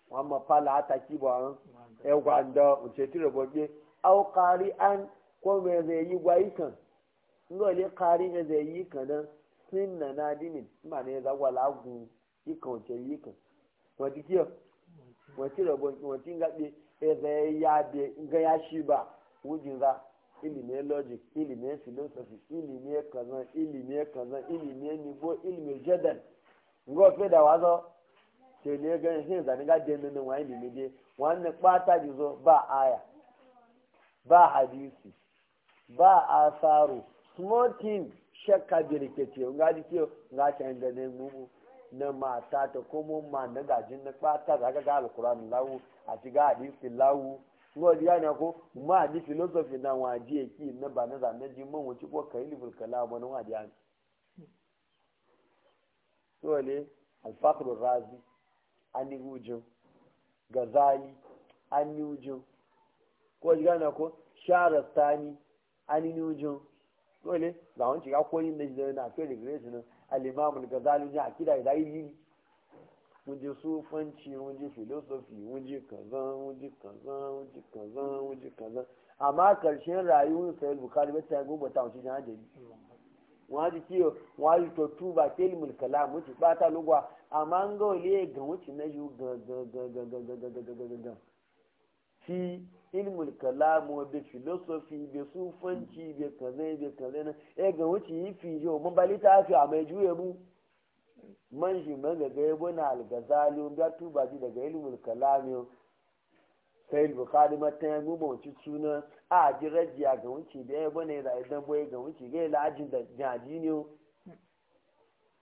wa ma pala ataki ki bo an e gwanda o se au qari an ko me ze yi gwa ikan no le qari e ze yi kan dan sinna na na ma ne za wala gu ikan o se yi kan wa di kiyo wa ti wa e ze ya de ga ya shi ba wujin za ilimin e logic ilimin e philosophy ilimin e kazan ilimi kazan ilimi nivo ilimi jadal ngo fe da wazo sai ne ga hin zani ga den nan wa ilimi je wannan kwata ji zo ba aya ba hadisi ba asaru small thing shakka birkete nga ji ce nga can da ne mu na ma ta kuma ma na gajin na kwata zaga ga alkurani lawu a shiga hadisi lawu ngoli yana ko ma ni philosophy na wa di eki na ba na zan ji mun wuci ko kai libul kalam wani wa di an to ne al faqr razi an ni gujo gazali an ni ujo ko yana ko sharastani an ni ujo to ne da wanci ga koyin da na fe regret na al imam al gazali ya kida da yi wunji sufanci wunji filosofi wunji kaza wunji kaza wunji kaza wunji kaza amma karshen rayuwar sayar bukari bai ta gobe ta wuce jihar jari wani ciyo wani to tuba kelmul kalam wuce bata lugwa amma an ga wale ga wuce na yi ga fi ilmul kalamu bi filosofi bi sufanci bi kaza bi kaza na ya ga wuce yi fi yau mun bali ta fi a mai juye mu man shi man ga gaya bana al-gazali un biya tuba ji daga ilmul kalami sai bukhari matan ya gubo wuce suna a ji rajiya ga wuce da ya bane da idan boye ga wuce ga lajin da jaji ne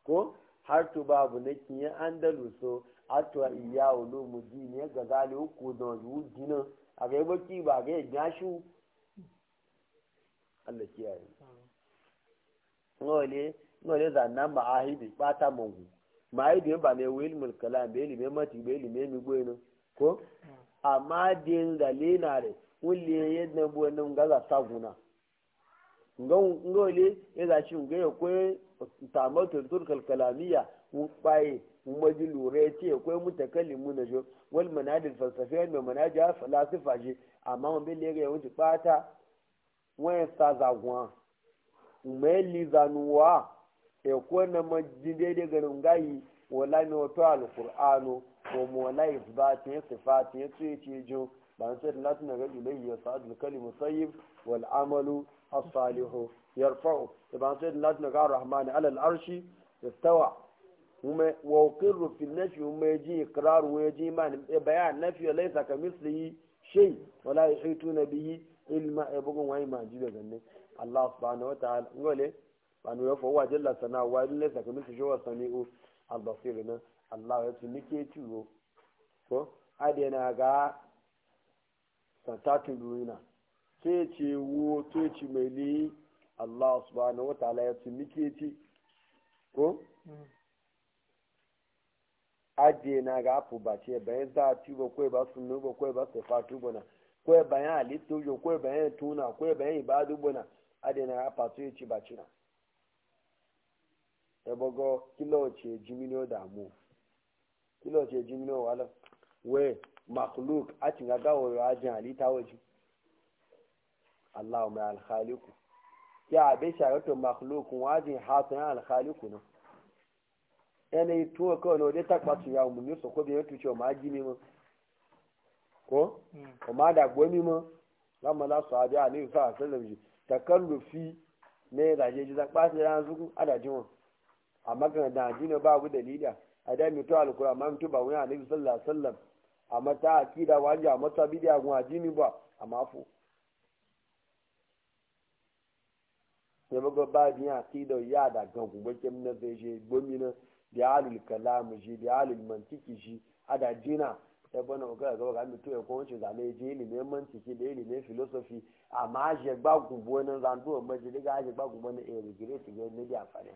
ko har to babu na kiyan andaluso atwa iya ulu mujini ya gazali uku don yu dinan a ga baki ba ga ya shu Allah kiyaye. Ngole wani zanna ma'ahidi bata mungu ma'ahidi ba ne wil mulkala be ilime mati be ilime mi gwenu ko hmm. amma din da lenare wuli ya na buwa nan gaza ta guna ngole ya za shi ga ya kwe tamatul turkal kalamiya mun baye mun maji lura ya ta akwai mutakallimu na jo wal manajil falsafiya mai manajil falasifa shi amma mun bin lega ya wuce bata wayan sa zaguwa mai zanuwa. ya kona majidai daga rungayi wala mai wato alkur'ano ko mola isbatin ya sifatin ya tsaye ce jin ba na sai latin daga ilai ya sa'adul kalimu sayyib wal amalu as-salihu yarfa'u ba na sai latin daga rahmani alal arshi istawa wa qirru fi nafi umma yaji iqrar wa yaji man bayan nafi laysa kamithlihi shay wala yuhituna bihi ilma ibugun wa ma jibe ganne allah subhanahu wa ta'ala ngole wani ya fowa jalla sana wa ne saka misu showa sami'u albasir na allah ya ci nike ciwo ko adena ga santatin ruina ke ce wo ya ci nike ci ko adena ga apu ba ce bayan za ci ba kawai ba su nuba kawai ba su fatu bana kawai bayan halittu kawai bayan tuna kawai bayan ebogo kilo ce jimino damu kilo ce jimino wala we makhluk a cin ga gawo ya jin halitta waje Allahu mai alkhaliku ya abe shagato makhluk waje hatan alkhaliku na yanayi tuwa kawai na waje takwa su ya umarni su ko biyar tuce ma gini ma ko ma da gomi ma lamma la su hajji a ne sa a sallam ji takallufi ne da je ji zan amma kan da ba babu dalila a da mutu alkura amma mutu ba wani annabi sallallahu alaihi wasallam amma ta akida wajen amma ta bidiya gun addini ba amma fu sai mago ba ni akida ya da gan ku gwake mun zai je gomina da alul kalam ji da alul mantiki ji ada jina sai bana ga ga ga mutu ya ko wace zale je ne mantiki da ilimin philosophy amma je ba gubo nan zan do maji daga je ba gubo nan e regret ga ne da amfani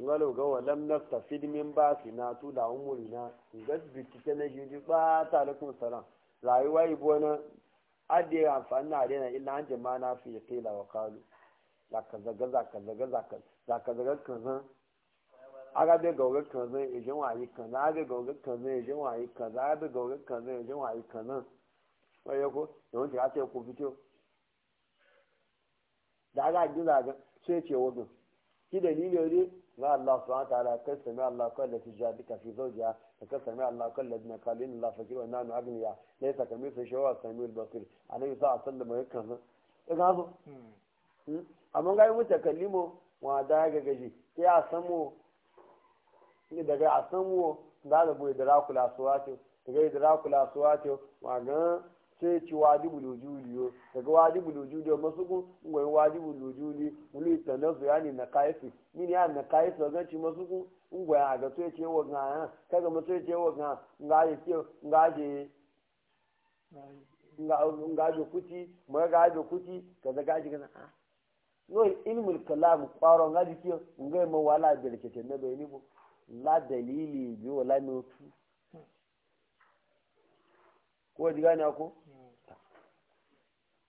ngalo ga lam naftafid min ba fi na tu da umuri na gas bitike na jiji ba ta alaikum salam rayuwa ibo na ade amfani na arena illa an jama na fi qila wa qalu zaka zaga zaka zaga zaka zaka zaga kaza aga ga gauga kaza e jin wa yi kaza ga gauga kaza e jin wa yi kaza ga gauga kaza e jin wa yi kaza wayo ko don ta ce ku fito da aga gida ga sai ce wago ki dalilin ne ما الله سبحانه وتعالى قد الله قال التي جابك في زوجها الله الذين ان الله فقير اغنياء ليس كمثل شيء السميع البصير عليه الصلاه والسلام wa da ga gaji sai a samu daga a samu da rakula boye wa ga sai ci wajibu lujuliyo daga wajibu lujuliyo masu kun ngwai wajibu lujuli wani tsanan su yani na kaifi mini ya na kaifi ga ci masu kun ngwai a ga sai ce wa ga kaga ma sai ce wa ga nga ye ce kuti ma ga je kuti kaza ga je kana ah no ilmul kalam qaro nga ji ki ngai mawala wala da ke ne bai ni ko la dalili bi wala no tu ko ji gane ko hmm.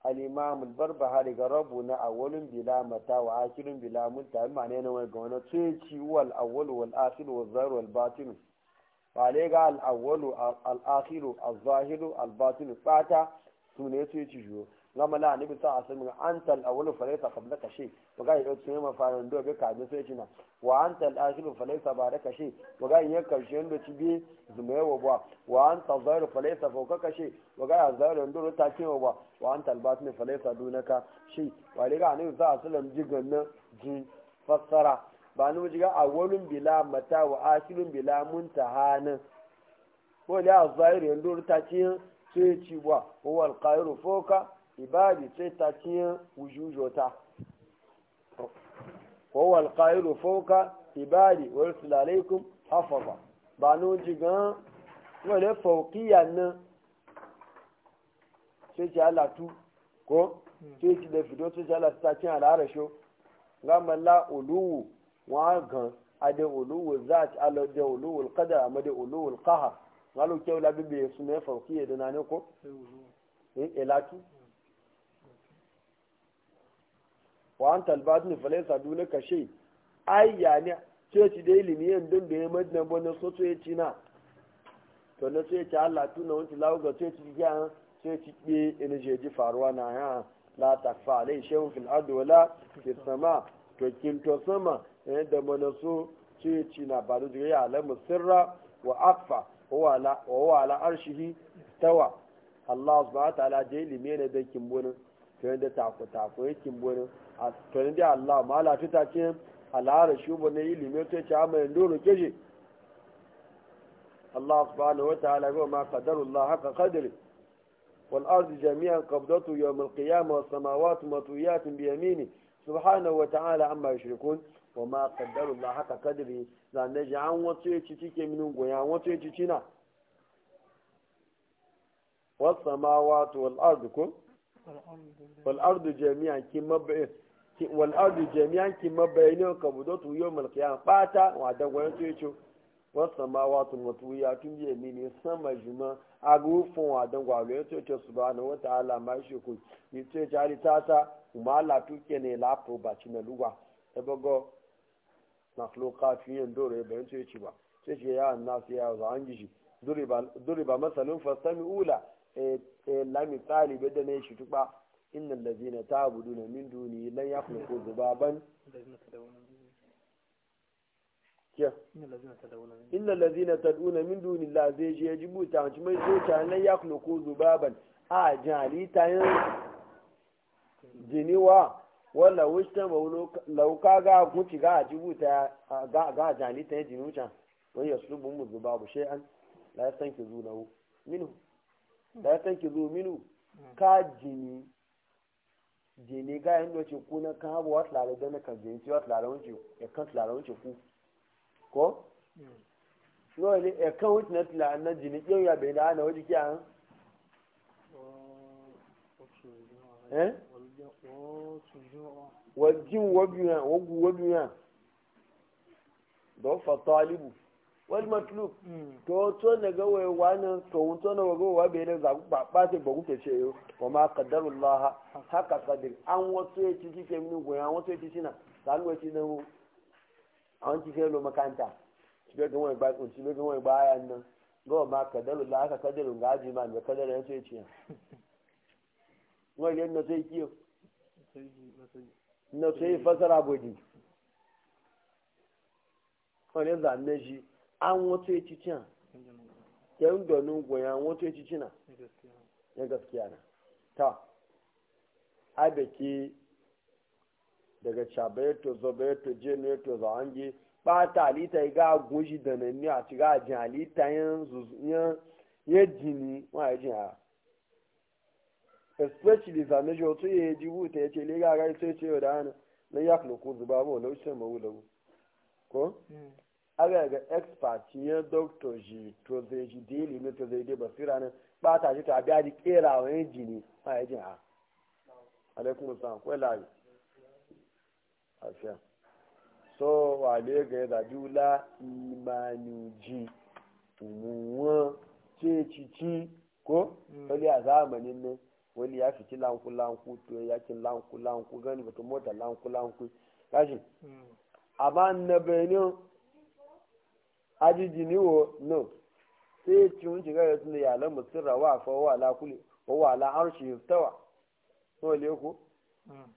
al-imam al-barbahari ga na awwalun bila mata wa akhirun bila munta ma ne ne ga wani tsayi wal awwal wal akhir wal zahir wal batin ba le ga al-awwal al-akhir al-zahir al-batin fata sune tsayi jo gama la annabi sa asami antal awwalu falaysa qablaka shay to ga yau tun ma faran do ga ka sai kina wa antal akhiru falaysa baraka shay to ga yau karshen ndo ci bi zumaya wa ba wa anta zairu falaysa ka shay to ga zairu ndo ta ce wa ba wa antal batni falaysa dunaka shay wa ga annabi sa asalam ji ganna ji fassara ba ni mu ga awwalun bila mata wa akhirun bila muntahana ko da zairu ndo ta ce sai ci wa huwa alqairu fawka ibadi sai ta ciye wujujota wawal ƙa'iru fauka ibadi wa rasulalaikun hafaza ba no jigan wale faukiya nan sai ce alatu ko sai ce da fito sai ce alatu ta cin al'arasho gamala uluwu wa gan ade uluwu zat a de uluwu alqadar amma de uluwu alqahar walo kewla bibe su ne faukiya da nane ko eh elatu eh, wa an talbatin falaisa dole ka shi ai ya ne ce ci da ilimi yan dun da ya madina bo na so ce ci na to na ce ci Allah tuna wanci lawo ga ce ci ya ce ci be ina je ji faruwa na ya la takfa alai shay'un fil ardi wala fis sama to kin to sama eh, da mana so ce ci na ba da ya alamu sirra wa akfa wa wa ala arshihi tawa Allah subhanahu wa ta'ala da ilimi ne da kimbonin to yanda tafu tafu kimbonin a tunan da Allah ma la fita ce al'ara shi bu ne ilimin ta ce amma yin doro keje Allah subhanahu wa ta'ala ga ma qadarullah haka qadri wal ardi jami'an qabdatu yawm al qiyamah was samawati matwiyatun bi yamini subhanahu wa ta'ala amma yushrikun wa ma qadarullah haka qadri za ne ji an wato yace cike minin goya wato ci cina was samawati wal ardi kun wal ardi jami'an kin mab'ith wal'adu ardu jami'an ki mabayinu kabudatu yawmal qiyam fata wa da gwayan to yace was samawati matwiyatun bi yamini sama juma agu fun wa da gwalu yace yace subhanahu wa ta'ala ma shi ku yace jari tata kuma la tuke ne la pro na luwa ebogo makhluqat fi ndore bayan to yace ba sai ce ya annasu ya zangi shi duriba duriba masalun fastami ula e, e la misali shi tuba inna allazina ta'buduna min duni lan yakhluqu dhubaban inna allazina tad'una min duni la zai je yajibu ta ci mai soca lan yakhluqu dhubaban a jali ta yin jiniwa wala wista maulo lauka ga kuci ga jibuta ga ga jali ta yin jinuta wani yaslubu mu dhubabu shay'an la ya yastankizu lahu minu la ya yastankizu minu ka jini jini ga yin doce ku na kan abu wata lare don na kan jini wata lare ya kan lare wuce ku ko no hmm. ne ya kan wuce na tilare na jini yau ya bai da ana waje ki an eh? wajin wabiya wagu wabiya don fatalibu wani matlu mm. to to na ga wai wani to wun to na ga wa bai da zaku ba ba sai ba kuke ce yo wa ma qadarullah haka kadir an wasu ya ci kike min goya an wasu ya ci sina san wa ci na an ci sai lo makanta ci ga wai ba ci ga wai ba yan nan ga wa ma qadarullah haka qadirun ga ji ma ne qadar yan sai ci wai yan na sai kiyo na sai fasara bodi wani zanne shi an wato ya a, na yan donin goya an wato ya na ya gaskiya na ta abeki daga cabayato zobayato jenayato zawange ba ta halitta ga goji da nan ne a ci ga jin alita yan ya jini wa ya jin ha especially zane jo to ya ji ta ya ce lega ga sai ce da hana na ya kuma ko zuba ba wala ushe mawu ko aga ga expert ya doctor ji to zai ji daily ne to zai dai basira ne ba ta ji to a biya ji kera wa yin jini ma ya jin ha alaikum assalam ko lafi afiya so wa le ga da dula imani ji tumuwa ce cici ko mm. wani a zamanin nan wani ya fiti lanku lanku to ya ki lanku lanku gani batun mota lanku lanku kashi mm. amma na benin ajiji ni wo no sai ci mun shiga yasin da yalan musirra wa fa wa ala kulli wa ala arshi yuftawa so le ku hmm.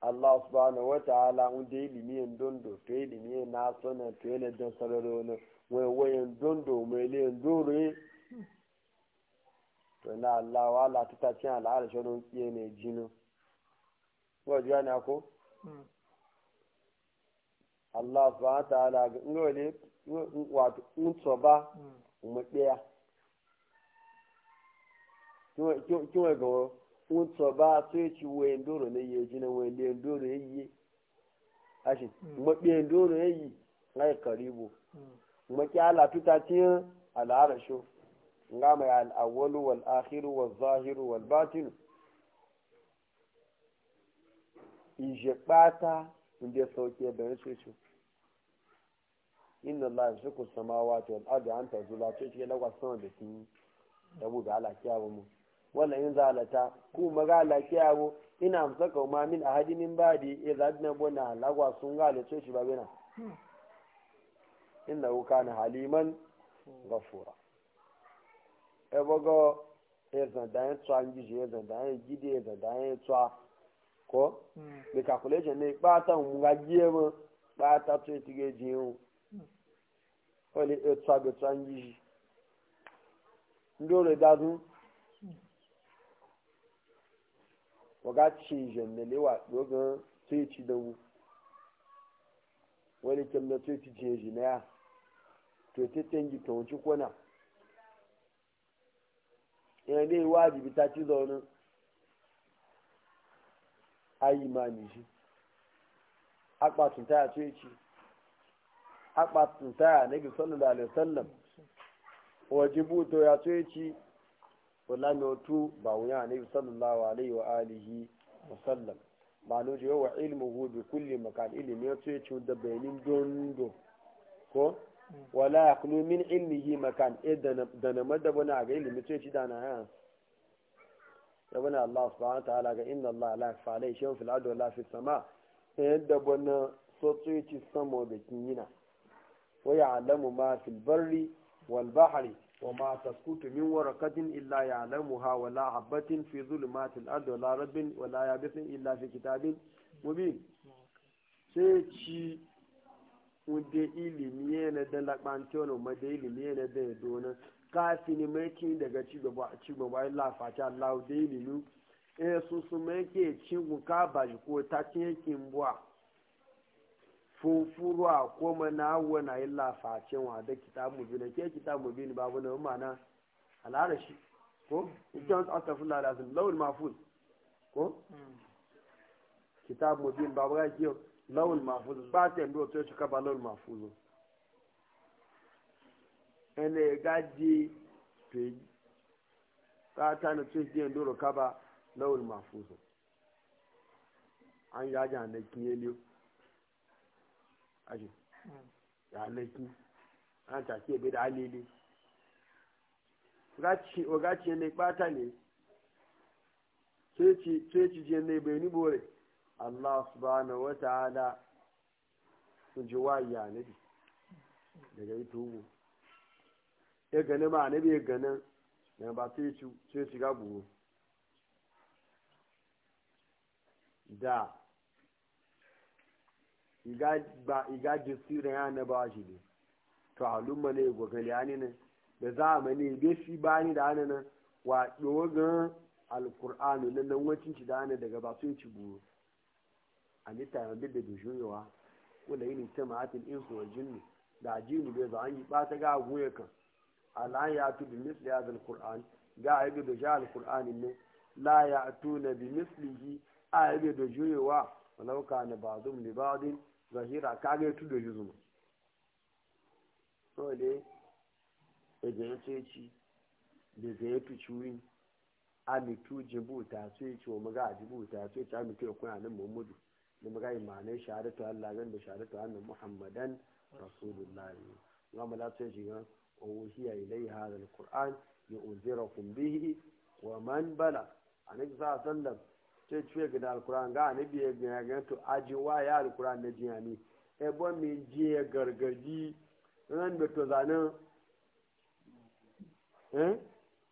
Allah subhanahu wa ta'ala un da ilimi en dondo to ilimi en na sona to ele don sararo no we we en dondo me le en dore to na Allah wa ala tita cin ala arshi don kiye ne jinu ko ji ana ko Allah subhanahu wa ta'ala ga ngole wato unso ba mu hmm. daya kiwa ga unso ba sai ci we ndoro ne ye jina we le ndoro ye yi ashi mu be hmm. ndoro yi ngai karibu mu hmm. ki ala tuta ti ala arashu ngama ya al awwal wal akhir wal zahir wal batin ije pata inda sauke bayan su inna la yashiku samawati wal ardi an tazula to shi na kwasan da kin da mu ga ala kiyawo mu wala in zalata ku maga ala kiyawo ina amsaka ma min ahadi min badi idadna bona lagwa sun ga ala to shi ba bena inna kana haliman ghafura e bogo e zan da yan tsangi je zan da ji gidi zan da yan tsangi ko da hmm. calculation ne kpata nga jie mo kpata to etige jie o wani etu abetu anyi ji ndị ụlọ dadu ọga hmm. chi njem na lewa oge to echi dawu wani kem na to echi jie na ya to etete nji to nchukwu na ya e ne wajibi ta ci zaune ayi imani shi akpatun taya ce ce akpatun taya na bi sallallahu alaihi wasallam waje to ya ce ce wala mai otu ba wuya ne bi sallallahu alaihi wa alihi wasallam ba no je wa hu bi kulli makan ilmi ya ce ce da bayanin dondo ko hmm. wala yakunu min ilmihi makan idan e, da na madabana ga ilmi ce ce da na yana yabana Allah subhanahu ta'ala ga inna Allah la yakhfa alayhi shay'un fil ardi wala fis sama yadda bana sotoyi sama da kinyina wa ya'lamu ma fil barri wal bahri wa ma tasqutu min waraqatin illa ya'lamuha wa la habatin fi dhulumatil ardi wala rabbin wala yabisin illa fi kitabin mubin sai ci wude ilimi yana da lakpantiyo na ilimi yana da donan kasini meki daga cigaba lafaci allah dai lu eh su su mai ke cigu ka ji ko ta cikin buwa funfuruwa ko na wana illa lafaci wa da kita mu bi ke kita mu bi ni babu na mana al'arashi ko ikon mm. aka fi lalazin lawul mafuz ko mm. kita mu bi babu ga kiyo lawul mafuz ba ta yi ndo to shi ba lawul mafuz ene gaji pe tata na tun jiyan doro kaba lawul mafuzo an yaji anakin yeliyo aji ya anakin an take bai da alili ogaci ne kpata ne ceci je ne bai ni bore allah subhanahu wa ta'ala sun ji wa ya daga yi tubu ya gani ma na bai ganin na ba sai ci sai shiga buhu da iga jisirin ya na ba shi ne to halumma ne gwagali ani ne da zamani bai shi ni da ana nan wa ga alkur'anu na nan wacin ci da ana daga ba sai ci buhu a nita yamma da dushiyowa wanda yi ne ta ma'atin insu wa jini da jini bai za an yi ta ga goye kan ala ya bi misli hadha alquran ga aibe da jahal alquran ne la ya na bi mislihi aibe da juyewa walau kana ba'dhum li ba'din zahira kage tu do juzum so le ege yace ci da zai tu ciwin amitu jibuta sai ci wa jibu ta sai ta amitu ya kuna nan muhammadu da maga imanai shahadatu Allah zan da shahadatu annabi Muhammadan rasulullahi ne. Ga mu lafiya ووهي إلي ya القرآن لأنذركم به ومن بلغ النبي صلى الله عليه وسلم ce ce ga da alkuran ga ne biye ga ga to ajiwa ya alkuran na jiya ni e bo mi je gargadi ran be to zanan eh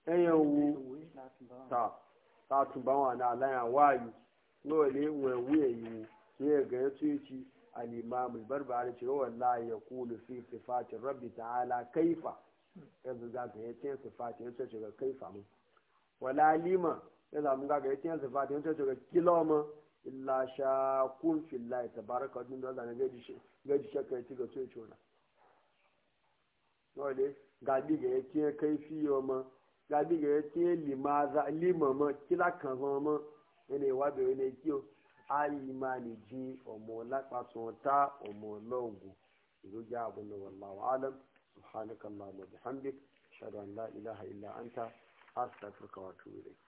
eh yawo ta ta tun ba wa na lan ya wayu no le wen wi yi ye ga ya tuci al-imam al-barbari cewa wallahi yaqulu fi sifati rabbi ta'ala kaifa yanzu za ka yi cin sifati yanzu ce ga kaifa mu wala lima ya zamu ga ga cin sifati yanzu ce ga kilo mu illa sha kun fillahi tabaraka wa ta'ala zan ga ji ga ji shakka ci ga so ce wannan wale ga bi ga cin kaifi yo gabi ga bi ga cin limaza lima mu kila kan mu ne wa be ne kiyo ayimaniji ọmọ lápapọ̀ ta ọmọ abu na àbúlé alam subhanaka allah wa bihamdik an la ilaha illa anta astaghfiruka wa atubu ilayk